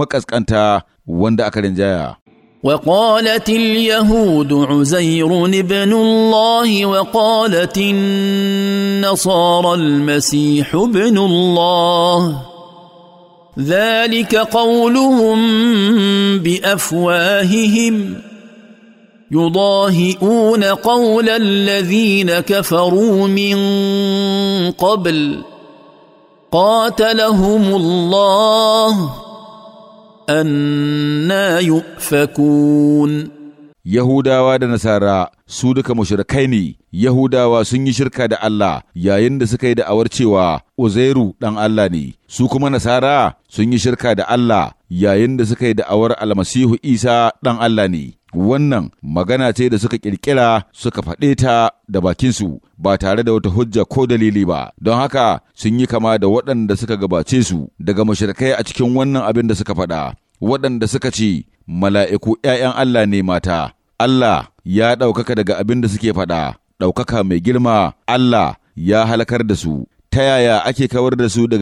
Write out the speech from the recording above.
makaskanta wanda aka وقالت اليهود عزير ابن الله وقالت النصارى المسيح ابن الله ذلك قولهم بافواههم يضاهئون قول الذين كفروا من قبل قاتلهم الله أنا يؤفكون Yahudawa da Nasara su duka mushrikai ne, Yahudawa sun yi shirka da Allah yayin da suka yi da'awar cewa Uzairu ɗan Allah ne, su kuma Nasara sun yi shirka da Allah yayin da suka yi da'awar Almasihu Isa ɗan Allah ne. Wannan magana ce da suka ƙirƙira suka faɗe ta da bakinsu ba tare da wata hujja ko dalili ba, don haka sun yi kama da waɗanda suka gabace su daga mashirkai a cikin wannan abin da suka faɗa. waɗanda suka ce, Mala'iku ’ya'yan Allah ne mata, Allah ya ɗaukaka daga abin da suke faɗa, ɗaukaka mai girma, Allah ya halakar da su, ta yaya ake kawar da su daga